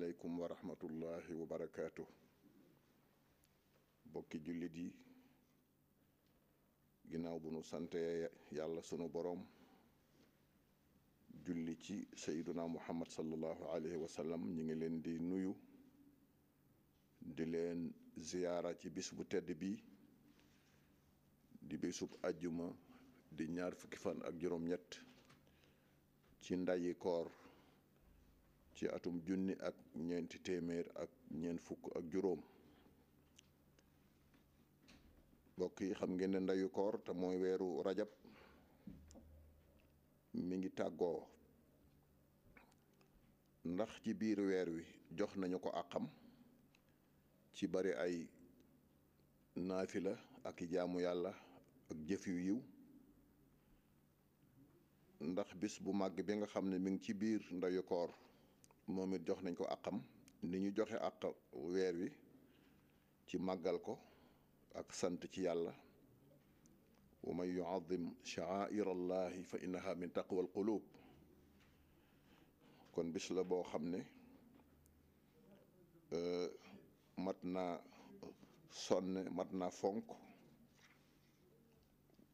aleykum wa rahmatullahi wa bokki jullit yi ginnaaw bu nu sante yàlla sunu boroom julli ci sayyiduna muhammad sallallahu alayhi wa sallam ñu ngi leen di nuyu di leen ziyaara ci bis bu tedd bi di bisub àjjuma di ñaar fukki fan ak juróom-ñett ci ndayi ci atum junni ak ñeenti téeméer ak ñeent fukk ak juróom mbokk yi xam ngeen ne ndeyu koor te mooy weeru rajab mi ngi tàggoo ndax ci biir weer wi jox nañu ko àqam ci bari ay la ak jaamu yàlla ak jëf yu yiw ndax bis bu màgg bi nga xam ne mi ngi ci biir ndayu koor moom it jox nañ ko àqam ni ñu joxe àq weer wi ci màggal ko ak sant ci yàlla wa man yuazim sha'air allahi fa innaha min taqwa al kon bis la boo xam ne euh, mat naa sonn mat naa fonk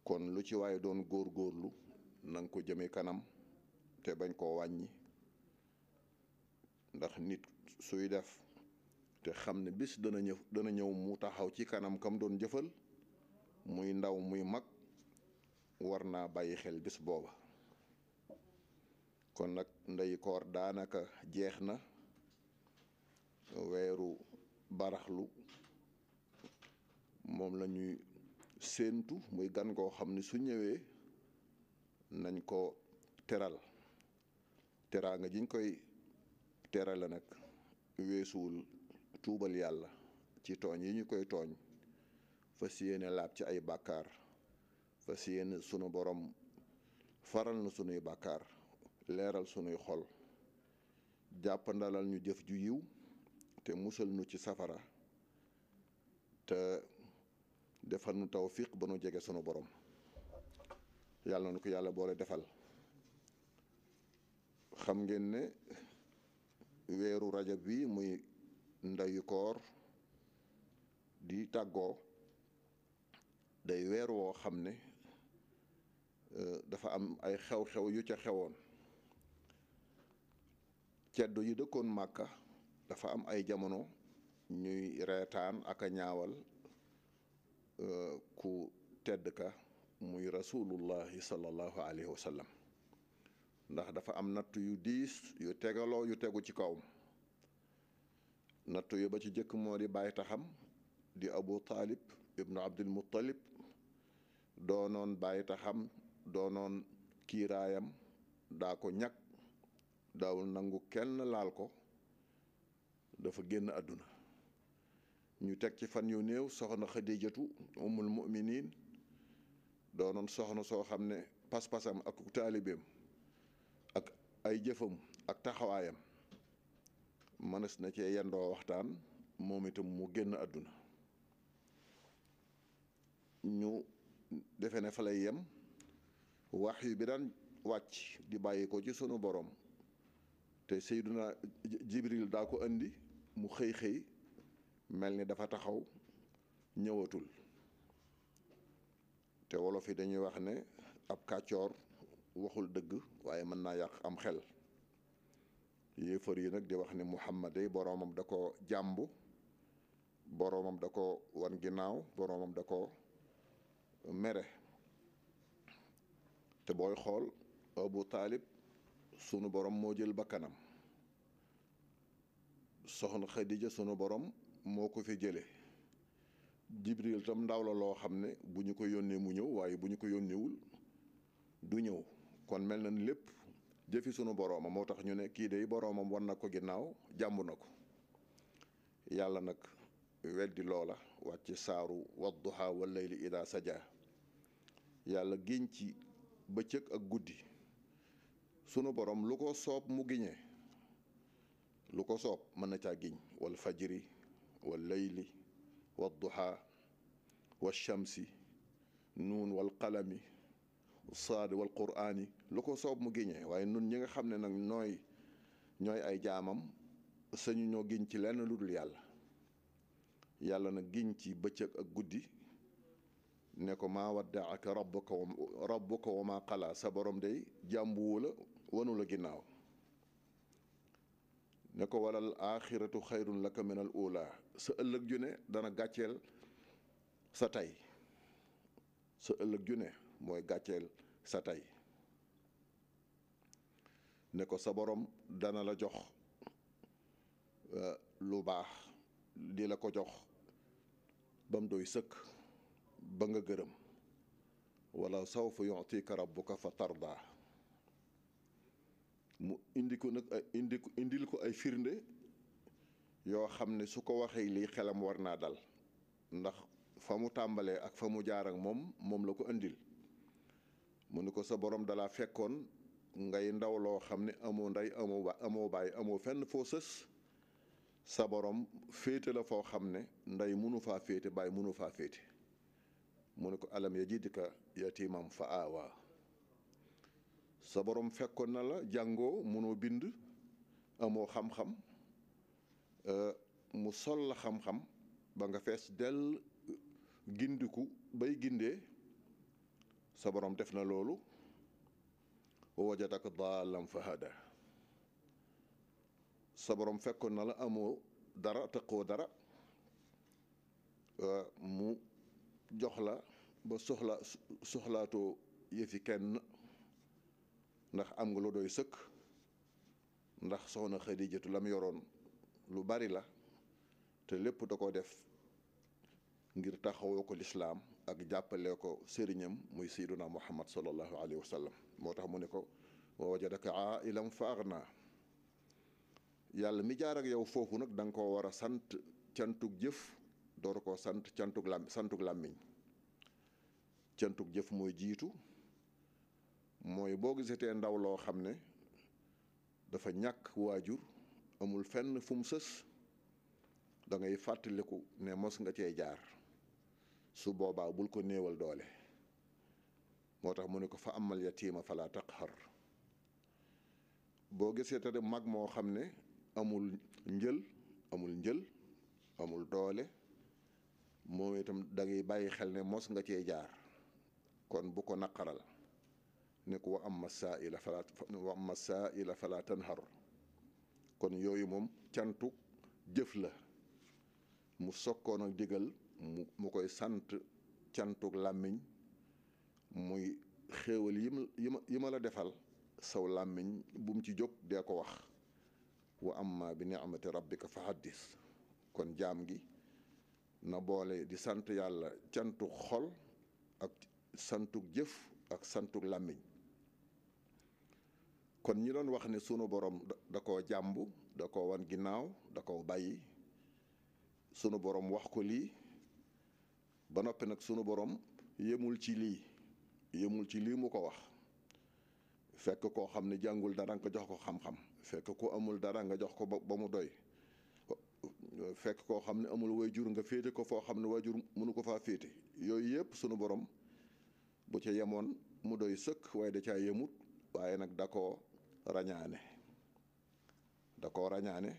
kon lu ci waaye doon góor góorlu na ko jëme kanam te bañ koo wàññi ndax nit suy def te xam ne bis dana ñëw mu taxaw ci kanam kam doon jëfal muy ndaw muy mag war naa bàyyi xel bis booba kon nag ndey koor daanaka jeex na weeru baraxlu moom la ñuy séentu muy gan koo xam ne su ñëwee nañ ko teral teraanga jiñ koy terale nag weesuwul tuubal yàlla ci tooñ yi ñu koy tooñ fas yéene laab ci ay bàkkaar fas yéene sunu boroom faral na sunuy bàkkaar leeral sunuy xol jàppandalal ñu jëf ju yiw te musal nu ci safara te defal nu tawfiq ba nu jege sunu boroom yàlla na ko yàlla boole defal xam ngeen ne weeru rajab bi muy ndayukoor di tàggoo day weer woo xam ne euh, dafa am ay xew-xew yu ca xewoon ceddo yu dëkkoon màkka dafa am ay jamono ñuy reetaan aka a ñaawal euh, ku tedd ka muy rasulullahi sallallahu alayhi wa ndax dafa am nattu yu diis yu tegaloo yu tegu ci kaw nattu yu ba ci jëkk moo di bàyyi taxam di abu taalib ibnu abdul muttalib doonoon bàyyi taxam doonoon kiiraayam daa ko ñag dawul nangu kenn laal ko dafa génn àdduna ñu teg ci fan yu néew soxna xadijatu umul muminin doonoon soxna soo xam ne pas-pasam ak taalibeem ay jëfam ak taxawaayam mënees na cee yendoo waxtaan moom itam mu génn àdduna ñu defe ne fa lay yem wax yu bi daan wàcc di bàyyi ko ci sunu boroom te Seyduna Jibril daa ko indi mu xëy xëy mel ni dafa taxaw ñëwatul te wolof yi dañuy wax ne ab kàccoor waxul dëgg waaye mën naa yàq am xel yéefar yi nag di wax ne Muhammad day boroomam da ko jàmbu boroomam da ko wan ginnaaw boroomam da ko mere te booy xool Abu Taalib sunu borom moo jël bakkanam soxna Xadija sunu boroom moo ko fi jële Jibril tam ndaw la loo xam ne bu ñu ko yónnee mu ñëw waaye bu ñu ko yónneewul du ñëw kon mel na ni lépp jëfi sunu boromam moo tax ñu ne kii day boroomam wan na ko ginnaaw jàmb na ko yàlla nag weddi loola wàcc saaru wadduha wa layli ida saja yàlla giñ ci bëccëg ak guddi sunu borom lu ko soob mu giñee lu ko soob mën na caa giñ wal fajri wal layli wad duha wa shamsi nuun wal qalami saadi wal quraan lu ko soob mu giñee waaye nun ñi nga xam ne nag nooy ñooy ay jaamam sañu ñoo giñ ci lenn lu dul yàlla yàlla na giñ ci bëccëg ak guddi ne ko maa waddaaka rabbuka rabbuka wa maa qala sa borom day jàmbuwu la wanu la ginnaaw ne ko walal axiratu xayrun laka min al sa ëllëg ju ne dana gàcceel sa tey sa ëllëg ju ne mooy gàcceel sa tey ne ko sa boroom dana la jox euh, lu baax di la ko jox bam mu doy sëkk ba nga gërëm walla wala sawfa bu rabbuka fa tarda mu indi ko nag indi ko indil ko ay firnde yoo xam ne su ko waxee lii xelam war naa dal ndax fa mu tàmbalee ak fa mu jaar moom moom la ko indil mu ne ko sa borom dalaa fekkoon ngay ndaw loo xam ne amoo ndey amoo ba amoo fenn foo sës sa borom féete la foo xam ne ndey munu faa féete bàyyi munu faa féete mu ne ko alam yajidka yatiimam fa aawaa sa borom fekkoon na la jàngoo munoo bind amoo xam-xam euh, mu sol la xam-xam ba nga fees dell gindiku bay gindee sa borom def na loolu wajadaka daalam fa hada sa borom fekkoon na la amoo dara tëqoo dara euh, mu jox la ba soxla soxlaatoo yëfi kenn ndax am nga lu doy sëkk ndax soxna Xadijatu la mu yoroon lu bari la te lépp da ko def ngir taxawoo ko lislaam ak jàppale ko sëriñam muy sayduna muhammad salallahu alayhi wa sallam moo tax mu ne ko wa wajadaka ailam fa agna yàlla mi jaar ak yow foofu nag danga nga koo war a sant cantug jëf door koo sant cantug lam santug làmmiñ cantug jëf mooy jiitu mooy boo gisatee ndaw loo xam ne dafa ñàkk waajur amul fenn fu mu sës da ngay fàttaliku ne mos nga cee jaar su boobaa bul ko néewal doole moo tax mu ne ko fa amal yatiima falaa taqhar boo gisee te mag moo xam ne amul njël amul njël amul doole moom itam dangay bàyyi xel ne mos nga cee jaar kon bu ko naqaral ne ko wa amma saa'ila falaa wa amma saa'ila falaa kon yooyu moom cantu jëf la mu sokkoon ak digal mu mu koy sant cantug làmmiñ muy xéewal yi ma yi ma la defal saw làmmiñ bu ci jóg dee ko wax wa amma bi ni'mati rabbika fa haddis kon jaam gi na boole di sant yàlla cantug xol ak santug jëf ak santug làmmiñ kon ñi doon wax ne sunu borom da koo jàmb da koo wan ginnaaw da koo bàyyi sunu borom wax ko lii ba noppi nag sunu borom yemul ci lii yemul ci lii mu ko wax fekk koo xam ne jàngul dara nga jox ko xam-xam fekk ko amul dara nga jox ko ba mu doy fekk koo xam ne amul wayjur nga féete ko foo xam ne wayjur mënu ko faa féete yooyu yëpp sunu borom bu ca yemoon mu doy sëkk waaye da caa yemut waaye nag da koo rañaane da koo rañaane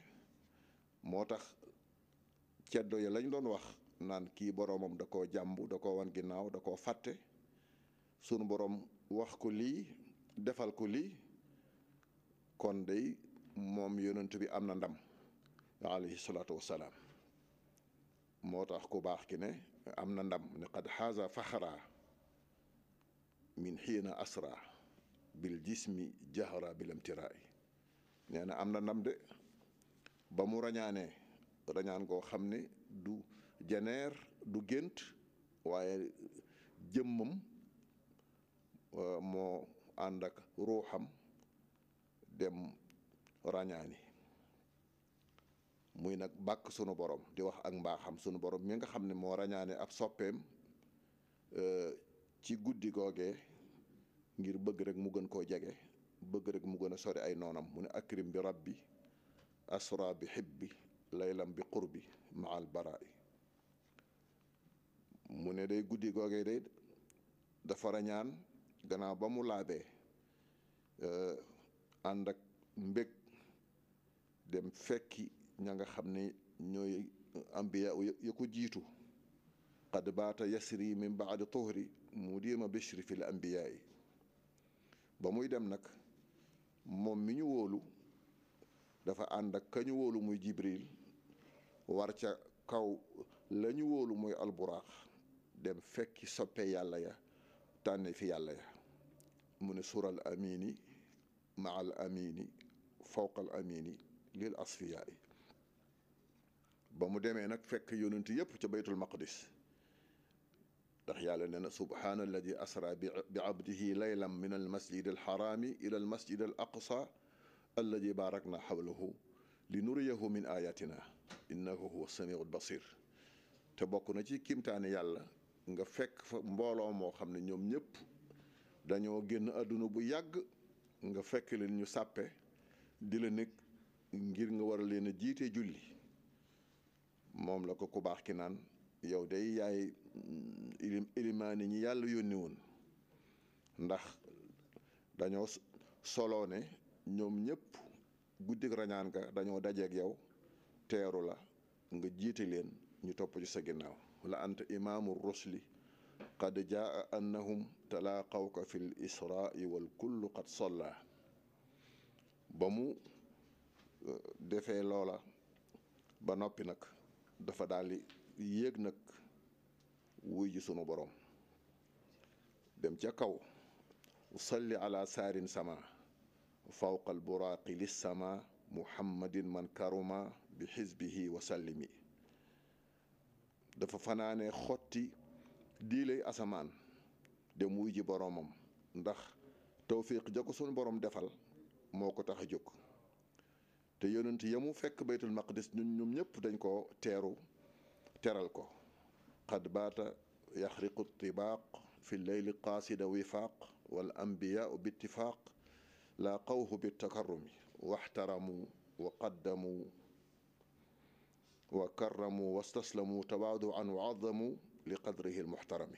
moo tax ceddo yi lañ doon wax naan kii boroomam da koo jàmbu da koo wan ginnaaw da koo fàtte sunu borom wax ko lii defal ko lii kon day moom yonent bi am na ndam alayhi salaatu wassalaam moo tax ku baax ki ne am na ndam ne qad xaaza faxara min xiina asra bil jismi jahra bil amtiraay nee na am na ndam de ba mu rañaanee rañaan goo xam ne du janeer du gént waaye jëmmam euh, moo ànd ak ruuxam dem rañaani muy nag bàkk sunu boroom di wax ak mbaaxam sunu borom mi nga xam ne moo rañaane ab soppeem euh, ci guddi googee ngir bëgg rek mu gën koo jege bëgg rek mu gën a sori ay noonam mu ne akrim bi rabbi asra bi xib bi laylam bi qurbi maal baraa i mu ne day guddi googee day dafa rañaan gannaaw ba mu laabee euh, ànd ak mbég dem fekki ña nga xam ne ñooy ambiya ya ko jiitu qad baata yasri min baadi tuhri mu diima bishri fil ambiyaa yi ba muy dem nag moom mi ñu wóolu dafa ànd ak ka wóolu muy jibril war ca kaw la ñu wóolu muy alburaax dem fekki soppe yàlla ya tànne fi yàlla ya mu ne sural amini maal amini fawqal amini lil asfiyaa yi ba mu demee nag fekk yonent yépp ca baytul maqdis ndax yàlla nee na subhaana alladi asra bi abdihi laylan min al masjid al xaraami ila al masjid al aqsa alladi baarakna xawlahu li nuriyahu min ayatina innahu huwa samiu al basir te bokk na ci kimtaani yàlla nga fekk fa mbooloo moo xam ne ñoom ñëpp dañoo génn àdduna bu yàgg nga fekk leen ñu sàppe di la nekk ngir nga war a leen jiite julli moom la ko ku baax ki naan yow day yaay ilim ilimaani ñi yàlla yónni woon ndax dañoo soloo ne ñoom ñëpp guddik rañaan ga dañoo dajeek yow teeru la nga jiite leen ñu topp ci sa ginnaaw la anta imaamu rusli qad jaa annahum talaaqawka fi l israai wal qad salla ba mu uh, defee loola ba noppi nag dafa daal di yéeg nag wuy ji sunu borom dem ca kaw usalli ala saarin sama fawqa al buraaqi lis sama muhammadin man karuma bi xisbihi wa sallimi dafa fanaane xotti diilay asamaan dem wuy ji boroomam ndax tawfiq ja ko sunu borom defal moo ko tax a jóg te yonent ya mu fekk baytul maqdis ñun ñoom ñëpp dañ ko teeru teral ko xad baata yaxriqu tibaaq fi leyli qaasida wifaaq wal ambiyaau bi ittifaaq laa qawhu bi takarrumi waxtaramu wa qaddamu wa karramu wastaslamu tawaaduan wa azamu li qadrihi almuxtarami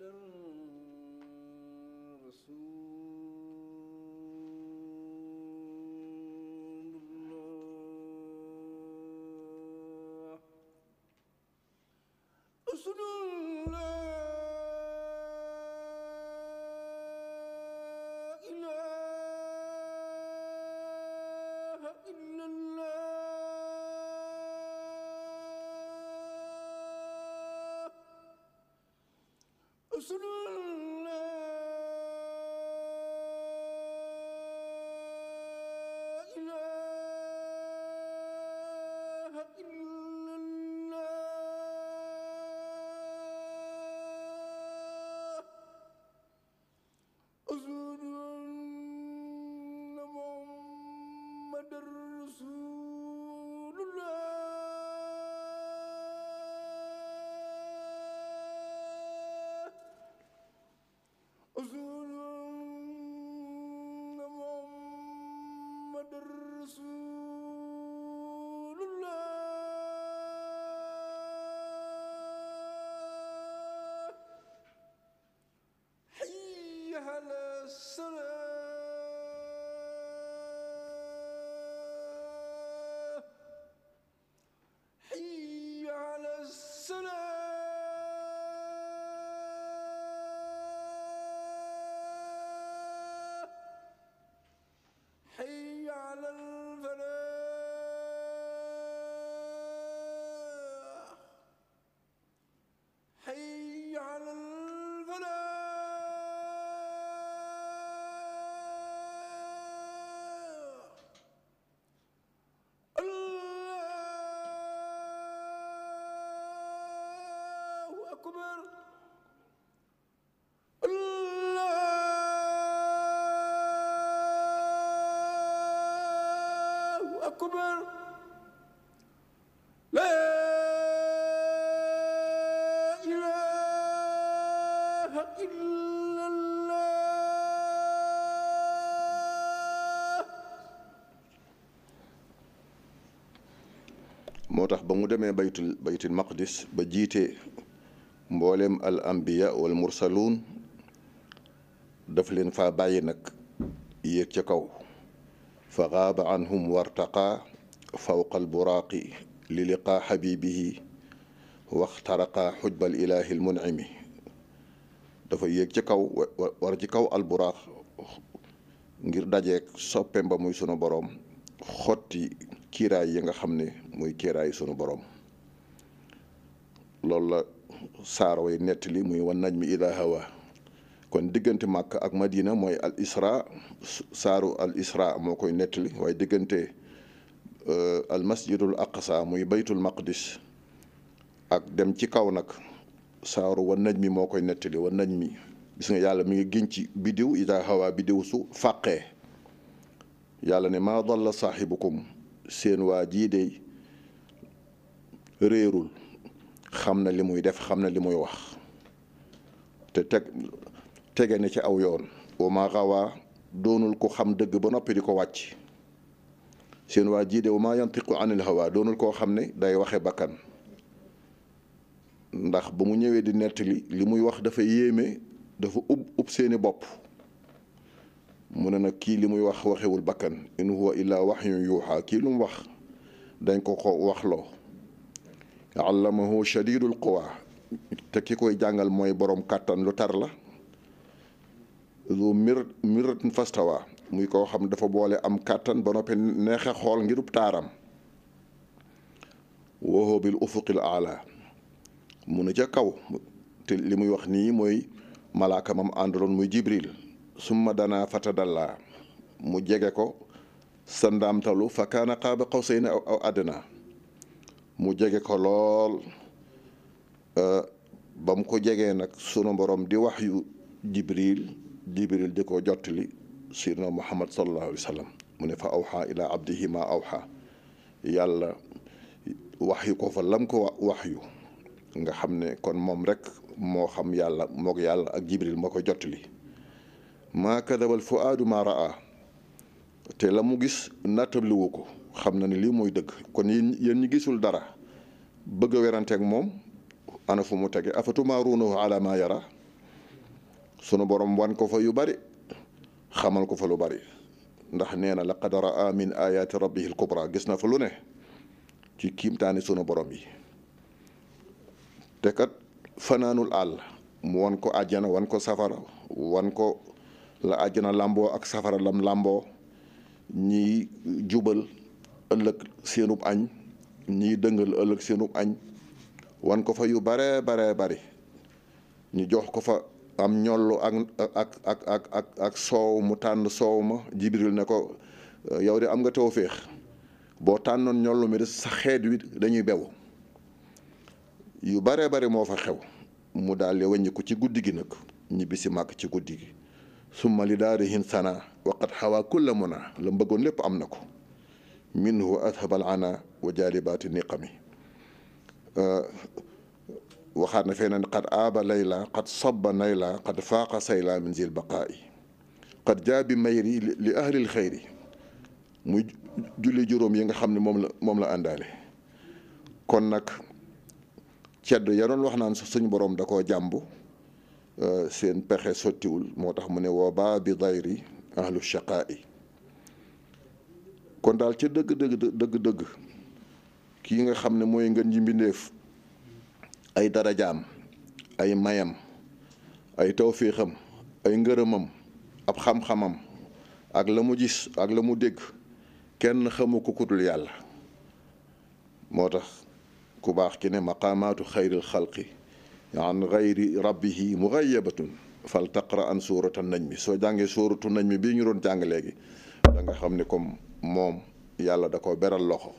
درب أكبر الله أكبر لا إله إلا الله moo tax ba mu demee baytul baytul maqdis ba jiite mboolem al wa wal mursaluun daf leen fa bàyyi nag yéeg ca kaw fa gaaba anhum wartaqa fawqa alburaaqi li liqaa xabibihi waxtaraqa xujbal ilaahi almunimi dafa yéeg ca kaw war ci kaw alburaax ngir dajeek soppeem ba muy sunu boroom xotti kiiraay yi nga xam ne muy kiraay sunu boroom loolu saaro way nettali muy wan najmi ida hawa kon diggante màkk ak madina mooy al isra saaru al isra moo koy nettali waaye diggante euh, al masjidul aqsa muy baytul dis ak dem ci kaw nag saaru wan najmi moo koy nettali wan najmi gis nga yàlla mu ngi giñ ci biddiw ida hawa biddiw su fàqee yàlla ne maa dalla saaxibukum seen waa jii dey réerul xam na li muy def xam na li muy wax te teg tege na ci aw yoon Oumar Awa doonul ko xam dëgg ba noppi di ko wàcc seen waa jii de Oumar yantiqu anil hawa doonul koo xam ne day waxe bàkkan ndax ba mu ñëwee di nettali li muy wax dafa yéeme dafa ub ub seeni bopp mu ne nag kii li muy wax waxewul bakkan in huwa illaa wahyun yuuxa kii lu mu wax dañ ko ko waxloo allamahu shadidul koy jàngal mooy borom kàttan lu tar la mir miratin fastawa muy koo xam dafa boole am kàttan ba noppi neexe xool ngirub taaram woo mu ne ca kaw li muy wax nii mooy malaaka mam àndaloon muy jibril summa dana fatadalla mu jege ko sandaamtalu fa kaana qaaba qawsayni aw adna mu jege ko lool ba mu ko jegee nag sunu borom di wax yu jibril jibril di ko jottali sirna muhammad sallallahu alayhi mu ne fa awxa ila abdihi ma awxa yàlla wax yu ko fa lam ko wax yu nga xam ne kon moom rek moo xam yàlla mook yàlla ak jibril moo ko jottali maa kadabal fuaadu ma raa te la mu gis nattabliwu ko xam na ni lii mooy dëgg kon yéen yéen gisul dara bëgg a moom ana fu mu tege afatumaaruunahu ala ma yara sunu borom wan ko fa yu bari xamal ko fa lu bari ndax nee na laqad raa ayaati rabbihi alkubra gis na fa lu ne ci kiimtaani sunu borom yi te kat fanaanul àll mu wan ko àjjana wan ko safara wan ko la àjjana làmboo ak safara làmboo ñiy jubal ëllëg seenub añ ñii dëngal ëllëg seenub añ wan ko fa yu baree baree bari ñu jox ko fa am ñollu ak ak ak ak soow mu tànn soow ma jibril ne ko euh, yow di am nga taw féex boo tànnoon ñollu mi sa xeet wi dañuy bew yu baree bari moo fa xew mu daal di wàññiku ci guddi gi nag ñibbisi màkk ci guddi gi summa li daarihin sana waqat xawaa kulla muna la mbëggoon lépp am na ko minhu adhaba al ana wa jalibaati niqami waxaat na feneen qad aaba layla qad sabba nayla qad faaqa sayla min zil baqaa'i qad jaabi mayri li ahlil xayri muy julli juróom yi nga xam ni moom la moom la àndaale kon nag cedd ya wax naan suñu boroom da koo jàmb eh, seen pexe sottiwul moo tax mu ne wa dayri ahlu shaqaa'i kon daal ca dëgg dëgg dëgg kii nga xam ne mooy ngën ji mbindéef ay darajaam ay mayam ay tawféexam ay ngërëmam ab xam-xamam ak la mu gis ak la mu dégg kenn xamu ko kudul yàlla moo tax ku baax ki ne maqaamaatu xayril xalqi an xayri rabbihi mughayabatun fal taqra an nañ najmi soo jàngee nañ mi bii ñu doon jàng léegi da nga xam ni comme moom yàlla da ko beral loxo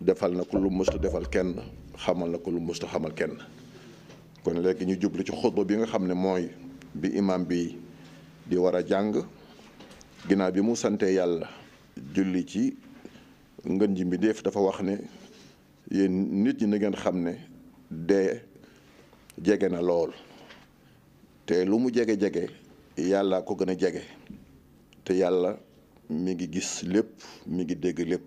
defal na ko lu musta defal kenn xamal na ko lu musta xamal kenn kon léegi ñu jublu ci xutba bi nga xam ne mooy bi imam bi di war a jàng ginnaaw bi mu santee yàlla julli ci ngën ji bi dafa wax ne yéen nit ñi na ngeen xam ne dee jege na lool te lu mu jege-jege yàlla ko gën a jege te yàlla mi ngi gis lépp mi ngi dégg lépp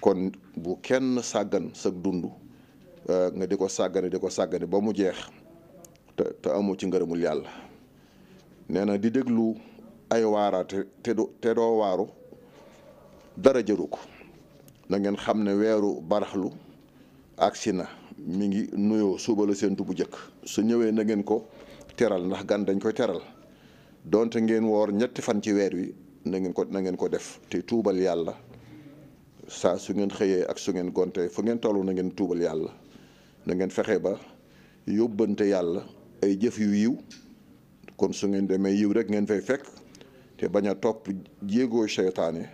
kon bu kenn sàggan sa dund euh, nga di ko sàggane di ko sàggane ba mu jeex te te amoo ci ngërëmul yàlla nee na di déglu ay waaraate te du doo waaru dara jëru ko na ngeen xam ne weeru baraxlu agsi na mi ngi nuyoo suba la seentu bu jëkk su ñëwee na ngeen ko teral ndax gan dañ koy teral donte ngeen woor ñetti fan ci weer wi na ngeen ko na ngeen ko def te tuubal yàlla saa su ngeen xëyee ak su ngeen gontee fu ngeen toll na ngeen tuubal yàlla na ngeen fexe ba yóbbante yàlla ay jëf yu yiw kon su ngeen demee yiw rek ngeen fay fekk te bañ a topp jéegoo seytaane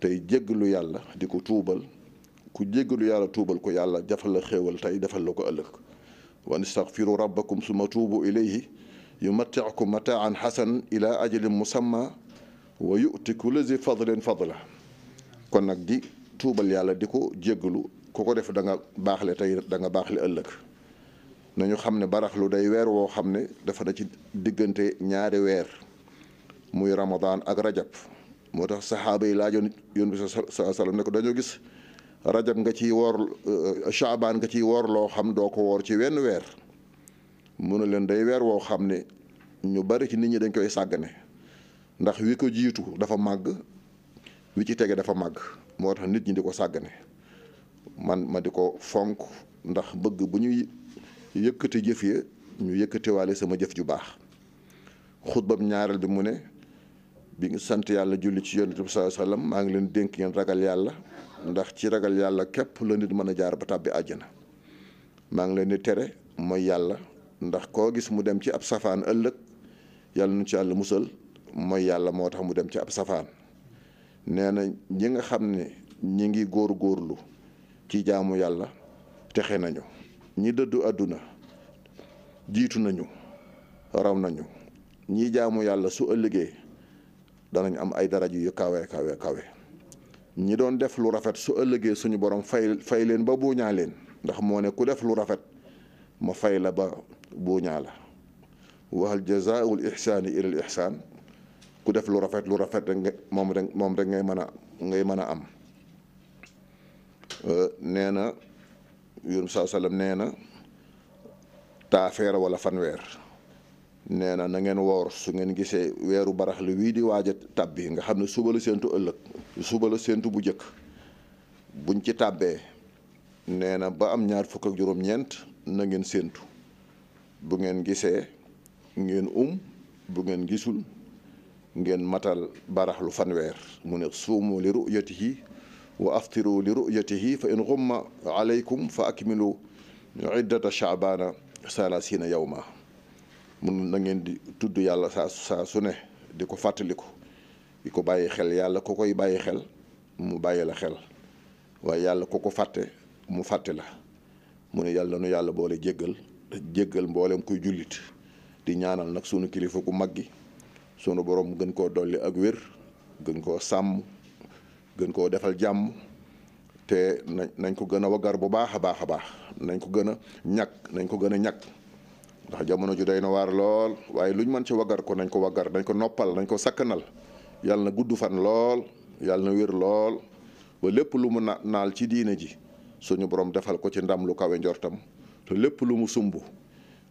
tey jéggalu yàlla di ko tuubal ku jéggalu yàlla tuubal ko yàlla defal la xéewal tey defal la ko ëllëg wa nastaghfiru rabbakum suma tuubu ilayhi yumatti'ukum mataan xasan ila ajalin musamma wa yu'ti kulli zi fadlin la kon nag di tuubal yàlla di ko jéggalu ku ko def danga nga baaxle tey da nga baaxle ëllëg nañu xam ne baraxlu day weer woo xam ne dafa da ci diggante ñaari weer muy ramadaan ak rajab moo tax saxaaba yi laajoon yoon bi sa sallam ne ko dañoo gis rajab nga ci woor chaabaan euh, nga ciy woor loo xam doo ko woor ci wenn weer mu ne leen day weer woo xam ne ñu bari ci nit ñi dañ koy sàggane ndax wi ko jiitu dafa màgg wi ci tege dafa màgg moo tax nit ñi di ko sàggane man ma di ko fonk ndax bëgg bu ñuy yëkkati jëf ya ñu yëkkatiwaale sama jëf ju baax xutbam ñaareel bi mu ne bi ngi sant yàlla julli ci yonent bi sallallahu maa ngi leen dénk ngeen ragal yàlla ndax ci ragal yàlla képp la mën a jaar ba tàbbi àjjana maa ngi di tere mooy yàlla ndax koo gis mu dem ci ab safaan ëllëg yàlla nu ci yàlla musal mooy yàlla moo tax mu dem ci ab safaan nee na ñi nga xam ne ñi ngi góor góorlu ci jaamu yàlla texe nañu ñi dëddu àdduna jiitu nañu raw nañu ñi jaamu yàlla su ëllëgee danañ am ay daraj yu kawe kawe kawe ñi doon def lu rafet su ëllëgee suñu borom fay fay leen ba buuñaa leen ndax moo ne ku def lu rafet ma fay la ba buuñaa la waxal jazaa'ul ihsaani ilal ihsaan ku def lu rafet lu rafet rek nga moom rek moom rek ngay mën a ngay mën a am euh, nee na yun saa sallam nee na taafeer wala fanweer nee na na ngeen woor su ngeen gisee weeru barax li wii di waaja a tàbbi nga xam ne suba la séentu ëllëg suba la séentu bu njëkk buñ ci tàbbee nee na ba am ñaar fukk ak juróom-ñeent na ngeen séentu bu ngeen gisee ngeen um bu ngeen gisul ngeen matal baraxlu fanweer mu ne suumu li ruyatihi wa aftiru li ruyatihi fa in xumma aleykum fa akmilu iddata chaabaana salasina yawma mun na ngeen di tudd yàlla saa su ne di ko fàttaliku di ko bàyyi xel yàlla ku koy bàyyi xel mu bàyyi la xel waaye yàlla ko ko fàtte mu fàtte la mu ne yàlla nu yàlla boole jéggal jéggal mboolem kuy jullit di ñaanal nag sunu kilifa ku mag gi sunu borom gën koo dolli ak wér gën koo sàmm gën koo defal jàmm te nañ ko gën a wagar bu baax a baax a baax nañ ko gën a ñàkk nañ ko gën a ñàkk ndax jamono ju day na waar lool waaye luñ mën ci wagar ko nañ ko wagar nañ ko noppal nañ ko sakkanal yàlla na gudd fan lool yàlla na wér lool ba lépp lu mu naal ci diine ji suñu borom defal ko ci ndam lu kawe njortam te lépp lu mu sumb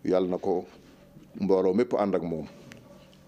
yàlla na ko mbooloo mépp ànd ak moom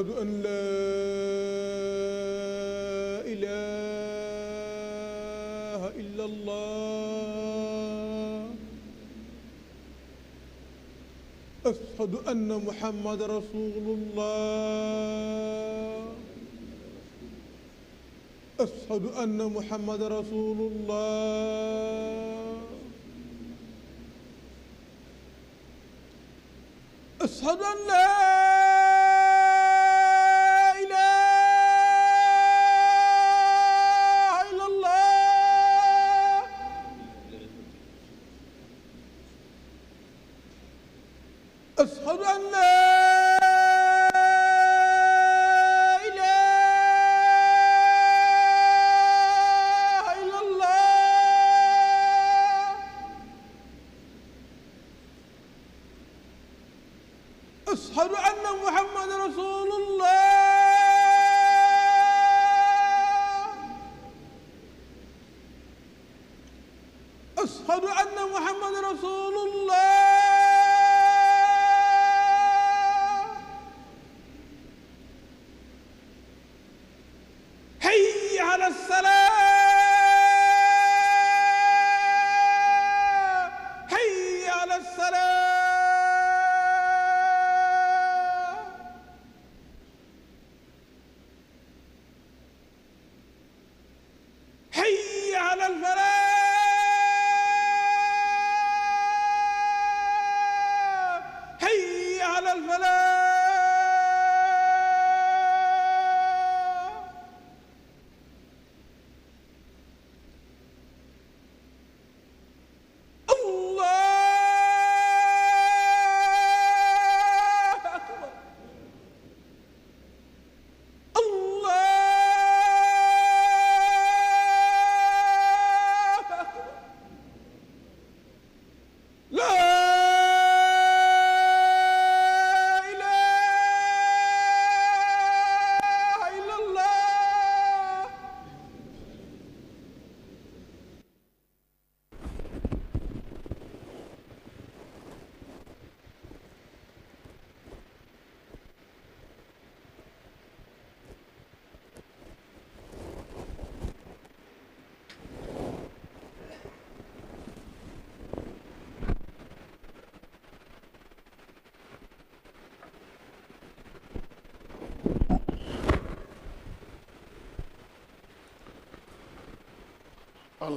ashhadu an laa ilaaha illa allah ashhadu anna muhammad rasulullah ashhadu anna muhammad rasulullah ashhadu an laa أشهد أن محمد رسول الله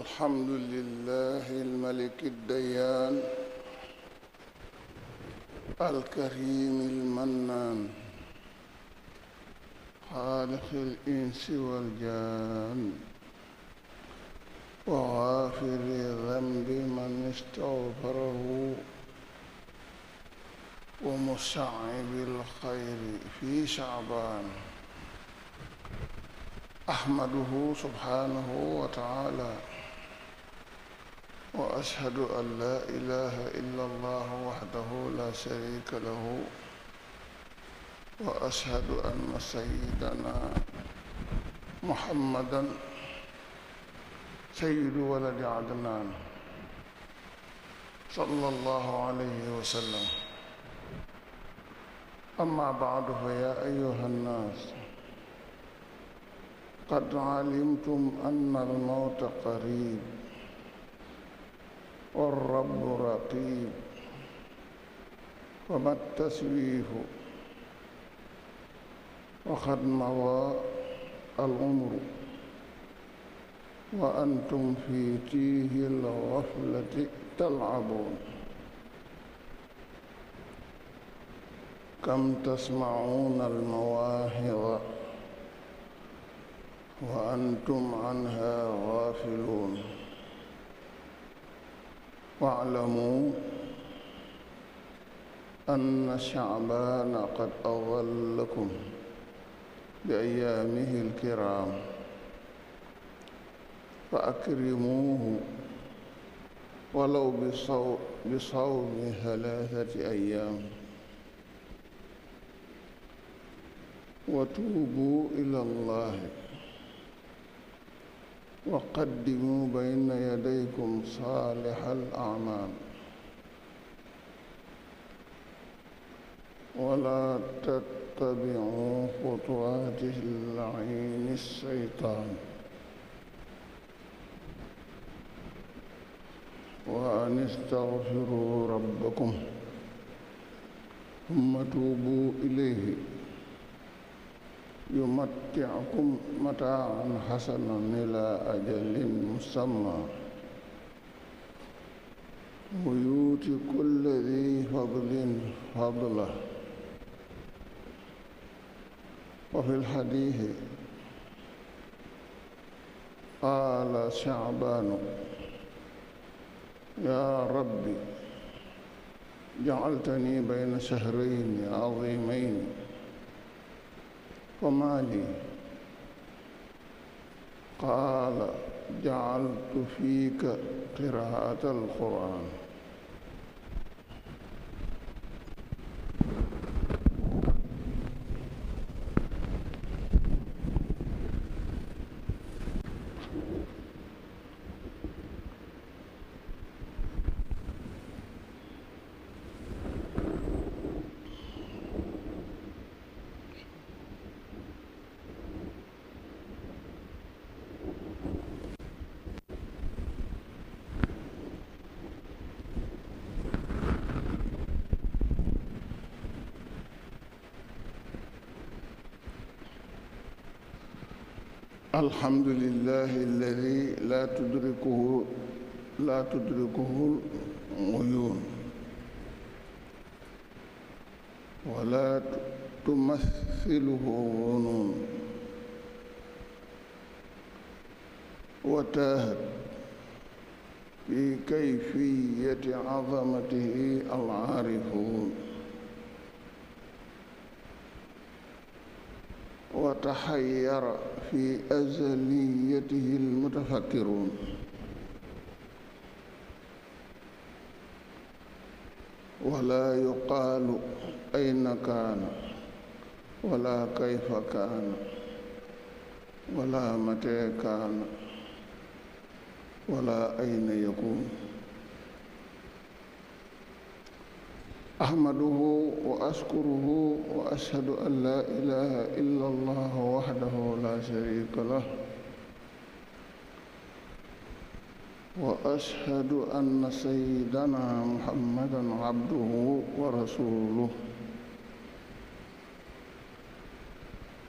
الحمد لله الملك الديان الكريم المنان خالق الإنس والجان وغافر الذنب من استغفره ومسعب الخير في شعبان أحمده سبحانه وتعالى واشهد ان لا اله الا الله وحده لا شريك له واشهد ان سيدنا محمدا سيد ولد عدنان صلى الله عليه وسلم اما بعد فيا ايها الناس قد علمتم ان الموت قريب والرب رقيب وما التسويف وقد مضى العمر وأنتم في تيه الغفلة تلعبون كم تسمعون المواهظ وأنتم عنها غافلون واعلموا أن شعبان قد أظلكم بأيامه الكرام فأكرموه ولو بصوم ثلاثة أيام وتوبوا إلى الله وقدموا بين يديكم صالح الأعمال ولا تتبعوا خطوات اللعين الشيطان وأن استغفروا ربكم ثم توبوا إليه يمتعكم متاعا حسنا إلى أجل مسمى ويؤتي كل ذي فضل فضله وفي الحديث قال شعبان يا ربي جعلتني بين شهرين عظيمين فما لي قال جعلت فيك قراءة القرآن الحمد لله الذي لا تدركه لا تدركه العيون ولا تمثله الظنون وتاهت في كيفية عظمته العارفون taxayyara fi azaliyatihi almutafakkiruun wala yuqaalu ayna kaana wala kayfa kaana wala matee kaana wala ayna yakuun أحمده وأشكره وأشهد أن لا إله إلا الله وحده لا شريك له وأشهد أن سيدنا محمدا عبده ورسوله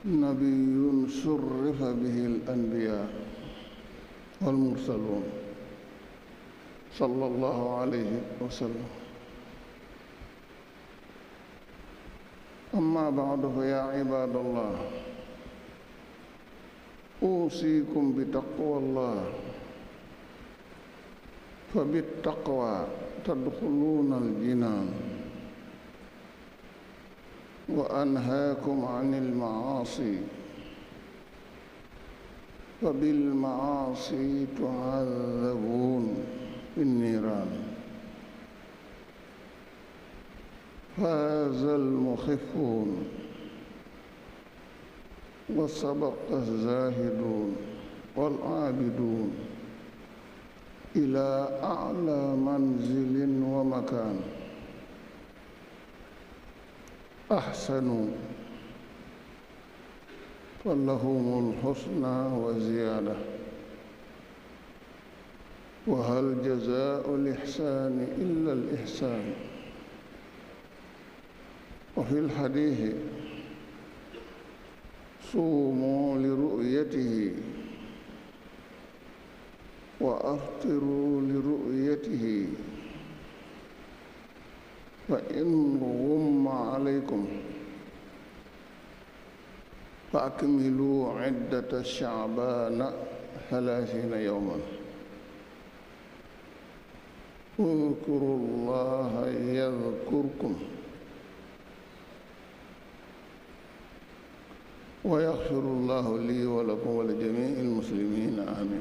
نبي شرف به الأنبياء والمرسلون صلى الله عليه وسلم أما بعد فيا عباد الله أوصيكم بتقوى الله فبالتقوى تدخلون الجنان وأنهاكم عن المعاصي فبالمعاصي تعذبون بالنيران فاز المخفون وسبق الزاهدون والعابدون إلى أعلى منزل ومكان أحسنوا فلهم الحسنى وزيادة وهل جزاء الإحسان إلا الإحسان وفي الحديث صوموا لرؤيته وأفطروا لرؤيته فإن غم عليكم فأكملوا عدة شعبان ثلاثين يوما اذكروا الله يذكركم ويغفر الله لي ولكم ولجميع المسلمين آمين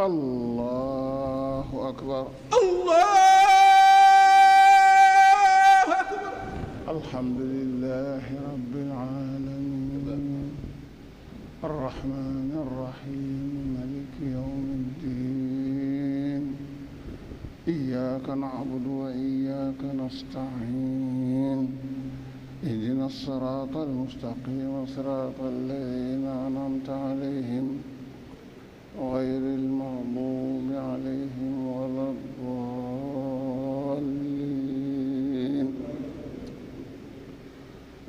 allahu akbar allahu akbar alhamdulilahi rabbil alamin arrahmani arrahim maliki yawmi ddin iyyaka na'budu wa iyyaka nasta'in اهدنا الصراط المستقيم صراط الذين أنعمت عليهم غير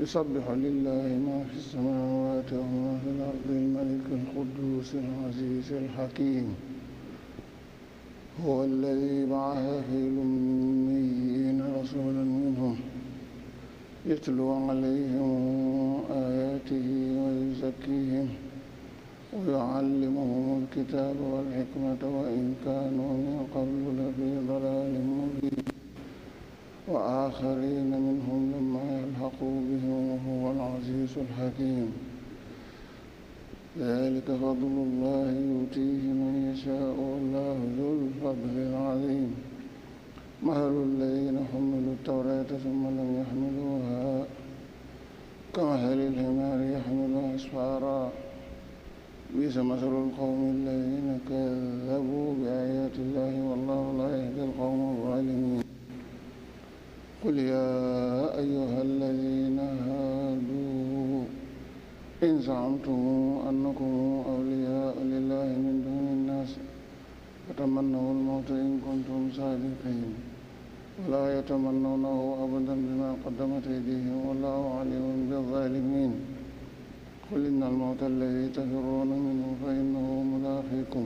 يسبح لله ما في السماوات وما في الأرض الملك القدوس العزيز الحكيم هو الذي بعث في الأميين رسولا منهم يتلو عليهم آياته ويزكيهم ويعلمهم الكتاب والحكمة وإن كانوا من قبل لفي ضلال مبين وآخرين منهم لما يلحقوا بهم وهو العزيز الحكيم ذلك فضل الله يؤتيه من يشاء والله ذو الفضل العظيم مثل الذين حملوا التوراة ثم لم يحملوها كمثل الحمار يحمل أسفارا بئس مثل القوم الذين كذبوا بآيات الله والله لا يهدي القوم الظالمين قل يا أيها الذين هادوا إن زعمتم أنكم أولياء لله من دون الناس فتمنوا الموت إن كنتم صادقين ولا يتمنونه أبدا بما قدمت أيديهم والله عليم بالظالمين قل إن الموت الذي تفرون منه فإنه ملاقيكم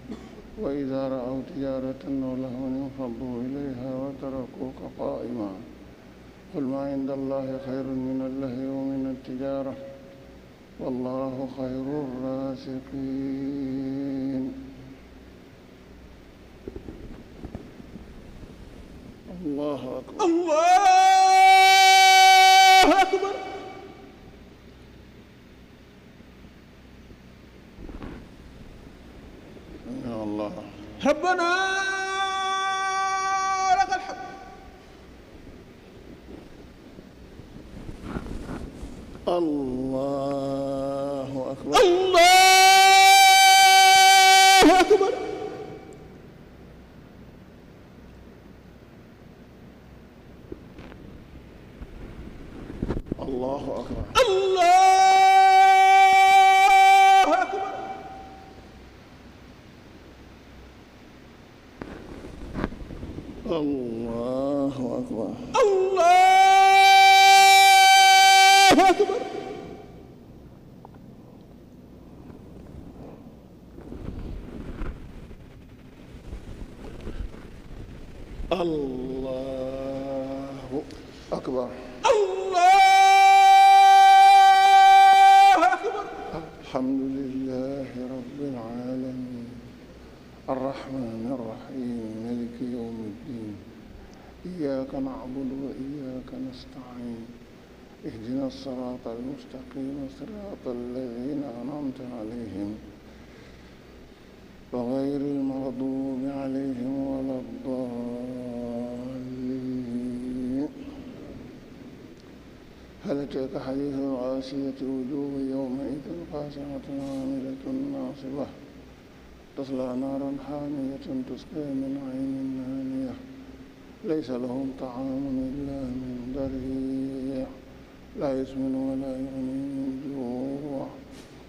وإذا رأوا تجارة أو لهوا انفضوا إليها وتركوك قائما قل ما عند الله خير من اللهو ومن التجارة والله خير الرازقين الله أكبر الله أكبر ربنا لك الحمد الله أكبر الله المستقيم صراط الذين أنعمت عليهم وغير المغضوب عليهم ولا الضالين هل أتاك حديث العاسية وجوه يومئذ خاشعة عاملة ناصبة تصلى نارا حامية تسقى من عين آنية ليس لهم طعام إلا من ضريع لا يسمن ولا يغني من جوع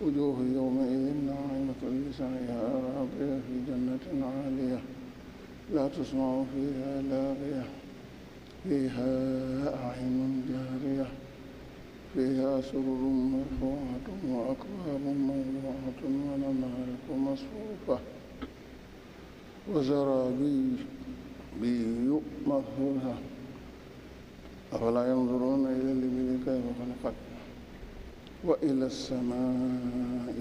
وجوه يومئذ ناعمة لسعيها راضية في جنة عالية لا تسمع فيها لاغية فيها أعين جارية فيها سرر مرفوعة وأكواب موضوعة ونمارق مصفوفة وزرابي مطهورة أفلا ينظرون إلى الإبل كيف خلقت وإلى السماء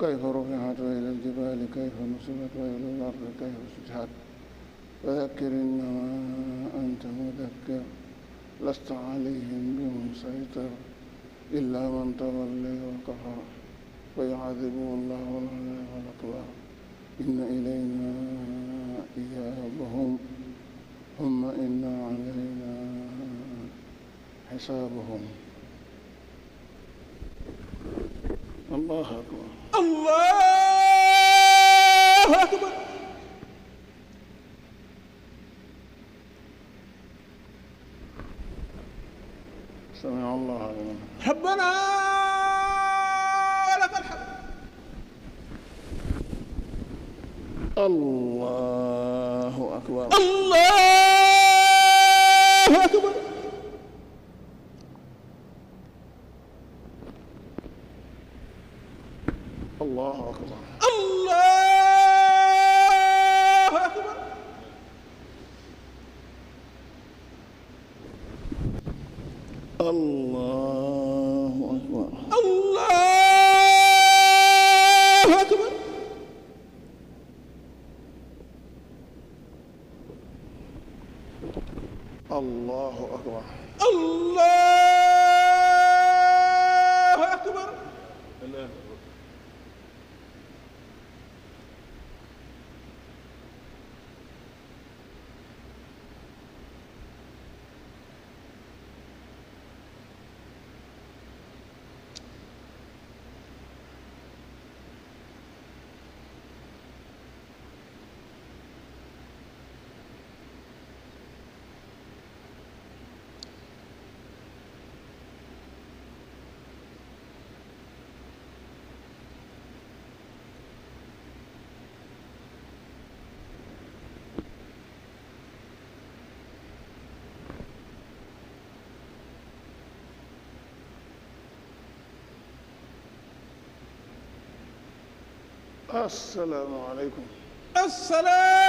كيف رفعت وإلى الجبال كيف نصبت وإلى الأرض كيف سطحت فذكر إنما أنت مذكر لست عليهم بمسيطر إلا من تولي وكفر فيعذبه الله العذاب الأكبر إن إلينا إيابهم ثم إنا علينا حسابهم الله أكبر الله أكبر سمع الله لمن ربنا ولك الحمد الله أكبر الله allahu akbar asalaamaaleykum. asalaam.